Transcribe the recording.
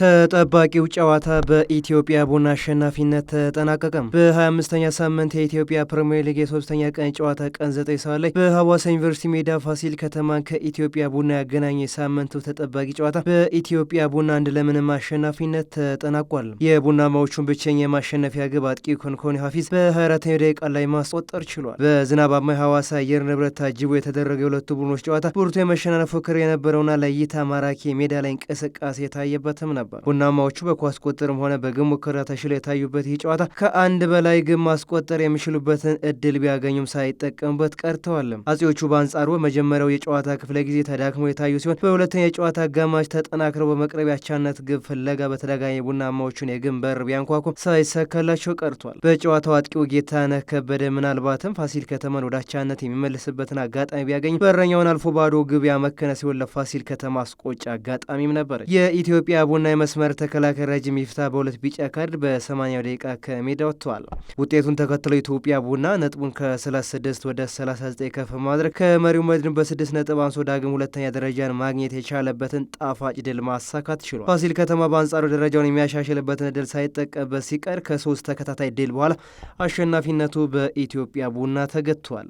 ተጠባቂው ጨዋታ በኢትዮጵያ ቡና አሸናፊነት ተጠናቀቀም። በ25ኛ ሳምንት የኢትዮጵያ ፕሪምየር ሊግ የሶስተኛ ቀን ጨዋታ ቀን 9 ሰዓት ላይ በሀዋሳ ዩኒቨርሲቲ ሜዳ ፋሲል ከተማን ከኢትዮጵያ ቡና ያገናኘ ሳምንቱ ተጠባቂ ጨዋታ በኢትዮጵያ ቡና አንድ ለምንም አሸናፊነት ተጠናቋል። የቡናማዎቹን ብቸኛ የማሸነፊያ ግብ አጥቂ ኮንኮኒ ሀፊዝ በ24ኛ ደቂቃ ላይ ማስቆጠር ችሏል። በዝናባማ የሀዋሳ አየር ንብረት ታጅቦ የተደረገ የሁለቱ ቡድኖች ጨዋታ ብርቱ የመሸናነፍ ፉክክር የነበረውና ለእይታ ማራኪ ሜዳ ላይ እንቅስቃሴ የታየበትም ነበር። ነበር። ቡናማዎቹ በኳስ ቁጥርም ሆነ በግብ ሙከራ ተሽለው የታዩበት ይህ ጨዋታ ከአንድ በላይ ግብ ማስቆጠር የሚችሉበትን እድል ቢያገኙም ሳይጠቀሙበት ቀርተዋል። አጼዎቹ በአንጻሩ በመጀመሪያው የጨዋታ ክፍለ ጊዜ ተዳክመው የታዩ ሲሆን በሁለተኛ የጨዋታ አጋማሽ ተጠናክረው በመቅረብ ያቻነት ግብ ፍለጋ በተደጋጋሚ ቡናማዎቹን የግብ በር ቢያንኳኩም ሳይሰከላቸው ቀርቷል። በጨዋታው አጥቂው ጌታነህ ከበደ ምናልባትም ፋሲል ከተማን ወደ አቻነት የሚመልስበትን አጋጣሚ ቢያገኝ በረኛውን አልፎ ባዶ ግብ ያመከነ ሲሆን ለፋሲል ከተማ አስቆጭ አጋጣሚም ነበር። የኢትዮጵያ ቡና የመስመር ተከላካይ ረጅም ይፍታ በሁለት ቢጫ ካርድ በሰማንያው ደቂቃ ከሜዳ ወጥተዋል። ውጤቱን ተከትሎ ኢትዮጵያ ቡና ነጥቡን ከ36 ወደ 39 ከፍ ማድረግ ከመሪው መድን በስድስት ነጥብ አንሶ ዳግም ሁለተኛ ደረጃን ማግኘት የቻለበትን ጣፋጭ ድል ማሳካት ችሏል። ፋሲል ከተማ በአንጻሩ ደረጃውን የሚያሻሽልበትን ድል ሳይጠቀምበት ሲቀር ከሶስት ተከታታይ ድል በኋላ አሸናፊነቱ በኢትዮጵያ ቡና ተገጥቷል።